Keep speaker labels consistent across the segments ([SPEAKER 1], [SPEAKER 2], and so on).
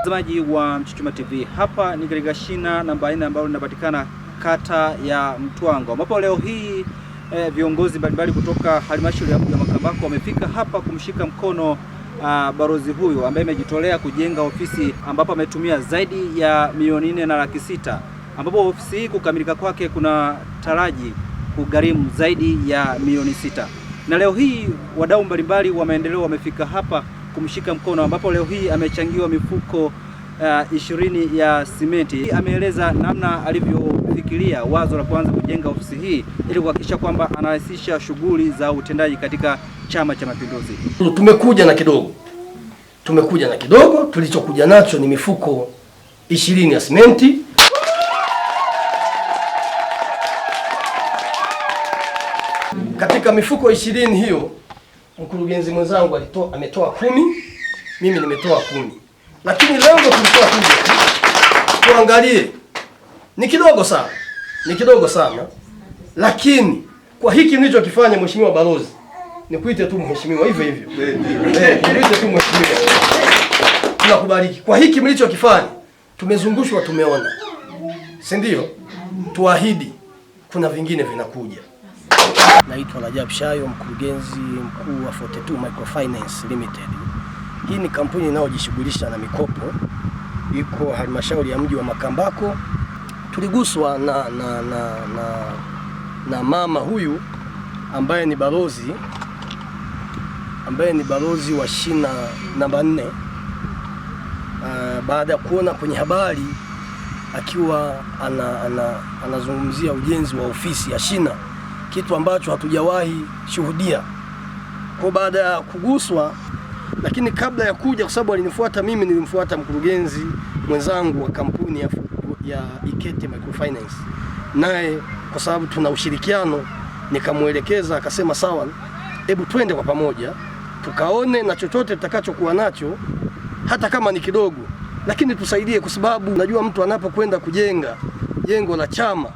[SPEAKER 1] Mtazamaji wa Mchuchuma TV, hapa ni katika shina namba 4 ambalo linapatikana kata ya Mtwango ambapo leo hii e, viongozi mbalimbali kutoka halmashauri ya mji wa Makambako wamefika hapa kumshika mkono a, ah, barozi huyu ambaye amejitolea kujenga ofisi ambapo ametumia zaidi ya milioni nne na laki sita ambapo ofisi hii kukamilika kwake kuna taraji kugharimu zaidi ya milioni sita. Na leo hii wadau mbalimbali wa maendeleo wamefika hapa kumshika mkono, ambapo leo hii amechangiwa mifuko uh, ishirini ya simenti. Ameeleza namna alivyofikiria wazo la kuanza kujenga ofisi hii ili kuhakikisha kwamba anarahisisha shughuli za utendaji katika Chama cha Mapinduzi.
[SPEAKER 2] Tumekuja na kidogo, tumekuja na kidogo. Tulichokuja nacho ni mifuko ishirini ya simenti katika mifuko ishirini hiyo mkurugenzi mwenzangu alitoa ametoa kumi, mimi nimetoa kumi, lakini lengo tulikuwa kuja tuangalie, ni kidogo sana, ni kidogo sana, lakini kwa hiki kifanya mheshimiwa balozi, nikuite tu mheshimiwa, hivyo hivyo eh, nikuite tu mheshimiwa, tunakubariki kwa hiki mlichokifanya. Tumezungushwa, tumeona, si ndio? Tuahidi kuna vingine vinakuja. Naitwa Rajab Shayo, mkurugenzi mkuu wa 42 Microfinance Limited. Hii ni kampuni inayojishughulisha na mikopo, iko halmashauri ya mji wa Makambako. Tuliguswa na, na, na, na, na mama huyu ambaye ni balozi ambaye ni balozi wa shina namba nne. Uh, baada ya kuona kwenye habari akiwa ana, ana, anazungumzia ujenzi wa ofisi ya shina kitu ambacho hatujawahi shuhudia. Kwa baada ya kuguswa, lakini kabla ya kuja, kwa sababu alinifuata mimi, nilimfuata mkurugenzi mwenzangu wa kampuni ya, ya Ikete Microfinance, naye kwa sababu tuna ushirikiano nikamwelekeza, akasema sawa, hebu twende kwa pamoja tukaone, na chochote tutakachokuwa nacho hata kama ni kidogo, lakini tusaidie, kwa sababu najua mtu anapokwenda kujenga jengo la chama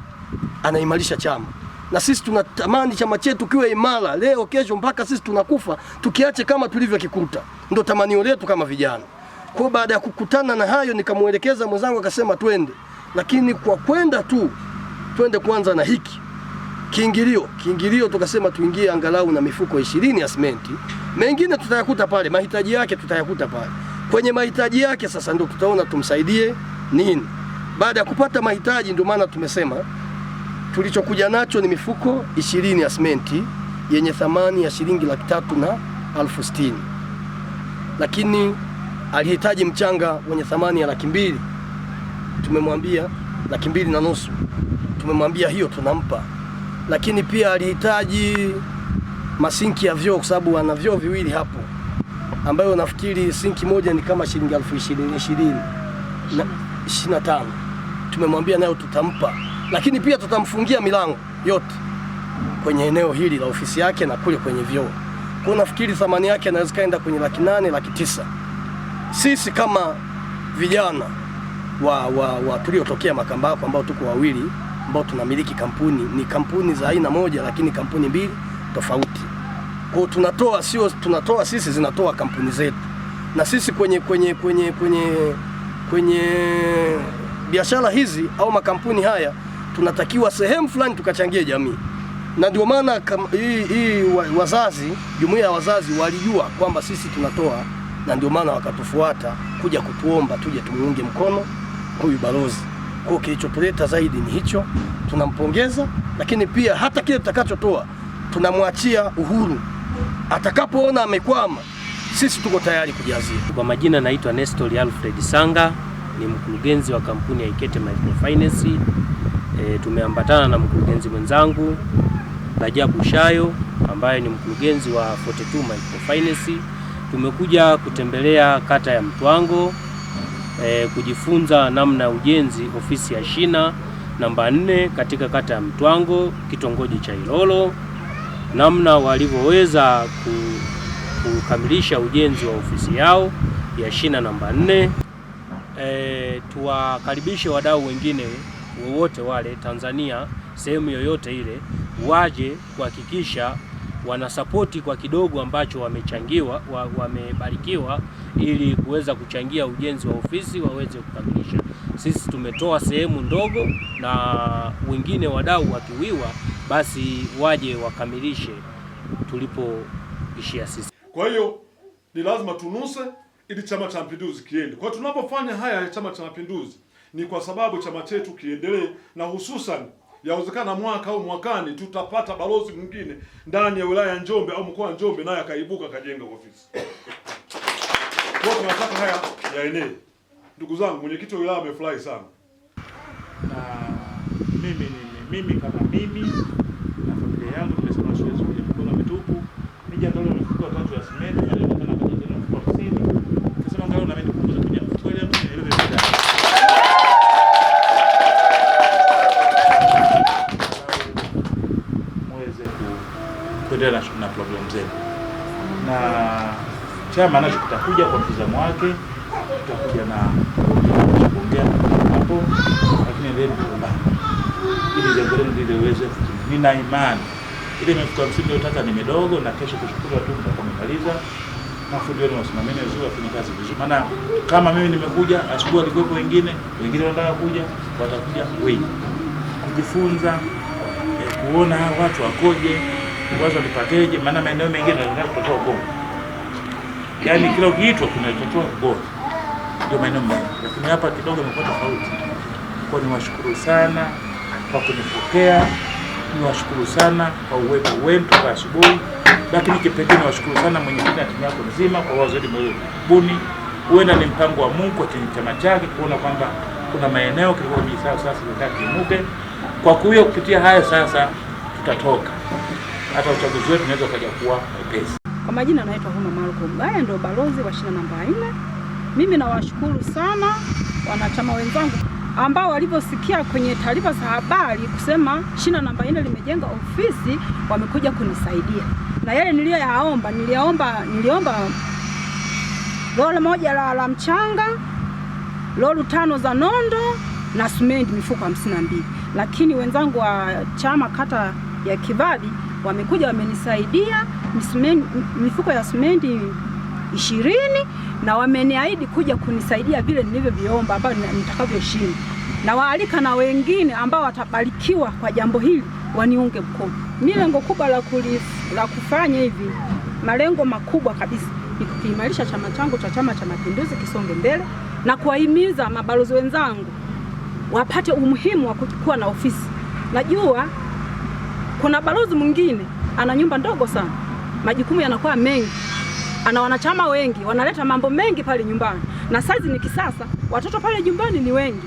[SPEAKER 2] anaimarisha chama na sisi tunatamani chama chetu kiwe imara leo kesho, mpaka sisi tunakufa, tukiache kama tulivyokikuta. Ndio tamanio letu kama vijana. Kwa baada ya kukutana na hayo, nikamwelekeza mwenzangu, akasema twende, lakini kwa kwenda tu twende kwanza na hiki kiingilio. Kiingilio tukasema tuingie angalau na mifuko ishirini ya simenti, mengine tutayakuta pale, mahitaji yake tutayakuta pale. Kwenye mahitaji yake sasa ndio tutaona tumsaidie nini. Baada ya kupata mahitaji, ndio maana tumesema Tulichokuja nacho ni mifuko ishirini ya simenti yenye thamani ya shilingi laki tatu na elfu sitini lakini alihitaji mchanga wenye thamani ya laki mbili tumemwambia laki mbili na nusu tumemwambia hiyo tunampa, lakini pia alihitaji masinki ya vyoo kwa sababu ana vyoo viwili hapo, ambayo nafikiri sinki moja ni kama shilingi elfu ishirini ishirini na ishirini na tano tumemwambia nayo tutampa lakini pia tutamfungia milango yote kwenye eneo hili la ofisi yake na kule kwenye vyoo. Kwa nafikiri thamani yake anaweza kaenda kwenye laki nane, laki tisa. Sisi kama vijana wa, wa, wa tuliotokea Makambako ambao tuko wawili ambao tunamiliki kampuni, ni kampuni za aina moja lakini kampuni mbili tofauti. Kwa tunatoa, sio tunatoa sisi, zinatoa kampuni zetu, na sisi kwenye kwenye kwenye kwenye kwenye biashara hizi au makampuni haya tunatakiwa sehemu fulani tukachangie jamii, na ndio maana hii hii wazazi, jumuiya ya wazazi walijua kwamba sisi tunatoa, na ndio maana wakatufuata kuja kutuomba tuje tumuunge mkono huyu balozi. Kwa hiyo kilichotuleta zaidi ni hicho, tunampongeza, lakini pia hata kile tutakachotoa tunamwachia uhuru, atakapoona amekwama sisi tuko tayari kujazia.
[SPEAKER 1] Kwa majina naitwa Nestor Alfred Sanga, ni mkurugenzi wa kampuni ya Ikete Microfinance e, tumeambatana na mkurugenzi mwenzangu Rajabu Shayo ambaye ni mkurugenzi wa 42 Microfinance. Tumekuja kutembelea kata ya Mtwango e, kujifunza namna ya ujenzi ofisi ya shina namba nne katika kata ya Mtwango kitongoji cha Ilolo, namna walivyoweza kukamilisha ujenzi wa ofisi yao ya shina namba nne. E, tuwakaribishe wadau wengine wowote wale Tanzania, sehemu yoyote ile, waje kuhakikisha wanasapoti kwa kidogo ambacho wamechangiwa, wamebarikiwa, ili kuweza kuchangia ujenzi wa ofisi waweze kukamilisha. Sisi tumetoa sehemu ndogo, na wengine wadau wakiwiwa, basi waje wakamilishe tulipoishia sisi.
[SPEAKER 3] Kwa hiyo ni lazima tunuse ili Chama cha Mapinduzi kiende. Kwa tunapofanya haya ya Chama cha Mapinduzi ni kwa sababu chama chetu kiendelee, na hususan yawezekana mwaka au mwakani tutapata balozi mwingine ndani ya wilaya ya Njombe au mkoa wa Njombe, naye akaibuka akajenga ofisi kwa tunataka haya yaenee. Ndugu zangu, mwenyekiti wa wilaya amefurahi sana
[SPEAKER 1] na mimi ni mimi kama mimi na familia yangu tumesema siwezi kuja mkono mitupu, nija mifuko nifuka tatu ya simenti na chama nacho kitakuja kwa mtazamo wake, kitakuja na kuongea hapo, lakini endeleeni kuomba ili jambo lenu liliweze. Nina imani ile mifuko hamsini iliyotaka ni midogo, na kesho kushukuru watu mtakuwa mmemaliza mafundi wenu wasimameni vizuri, wafanye kazi vizuri, maana kama mimi nimekuja asubuhi, walikuwepo wengine, wengine wanataka kuja, watakuja wengi kujifunza eh, kuona watu wakoje uwazo lipateje? Maana maeneo mengine yanaendelea kutotoa ugomvi, yaani kila ukiitwa kunatotoa ugomvi, ndio maeneo mengi, lakini hapa kidogo imekuwa tofauti. Kwa niwashukuru sana kwa kunipokea, niwashukuru sana kwa uwepo wenu kwa asubuhi, lakini kipekee niwashukuru sana mwenyekiti na timu yako nzima kwa wazo hili buni. Huenda ni mpango wa Mungu kwa chama chake kuona kwamba kuna maeneo kilikuwa kijisahau sasa, nataka Kwa kuyo kupitia haya sasa tutatoka hata uchaguzi wetu unaweza ukaja kuwa mwepesi.
[SPEAKER 4] Kwa majina naitwa Huma Marko Mgaya, ndio balozi wa shina namba nne. Mimi nawashukuru sana wanachama wenzangu ambao walivyosikia kwenye taarifa za habari kusema shina namba nne limejenga ofisi, wamekuja kunisaidia na yale niliyoyaomba. Niliomba, niliomba lori moja la, la mchanga, lori tano za nondo na simenti mifuko hamsini na mbili, lakini wenzangu wa chama kata ya Kivadi wamekuja wamenisaidia mifuko ya simenti ishirini na wameniahidi kuja kunisaidia vile nilivyoviomba ambavyo nitakavyoshinda. Nawaalika na wengine ambao watabarikiwa kwa jambo hili waniunge mkono. Mi lengo kubwa la, la kufanya hivi, malengo makubwa kabisa ni kukiimarisha chama changu cha Chama cha Mapinduzi kisonge mbele na kuwahimiza mabalozi wenzangu wapate umuhimu wa kuwa na ofisi. Najua kuna balozi mwingine ana nyumba ndogo sana, majukumu yanakuwa mengi, ana wanachama wengi, wanaleta mambo mengi pale nyumbani, na saizi ni kisasa, watoto pale nyumbani ni wengi,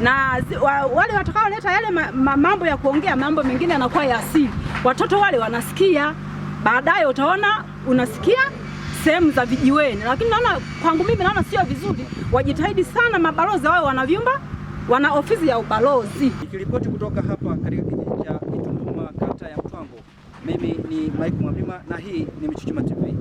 [SPEAKER 4] na zi, wa, wale watakaoleta yale ma, ma, mambo ya kuongea, mambo mengine yanakuwa ya asili, watoto wale wanasikia. Baadaye utaona unasikia sehemu za vijiweni, lakini naona kwangu mimi naona sio vizuri. Wajitahidi sana mabalozi wao, wana vyumba, wana ofisi ya ubalozi.
[SPEAKER 1] Nikiripoti kutoka hapa katika kijiji cha mimi ni Mike Mwabima na hii ni Michuchuma TV.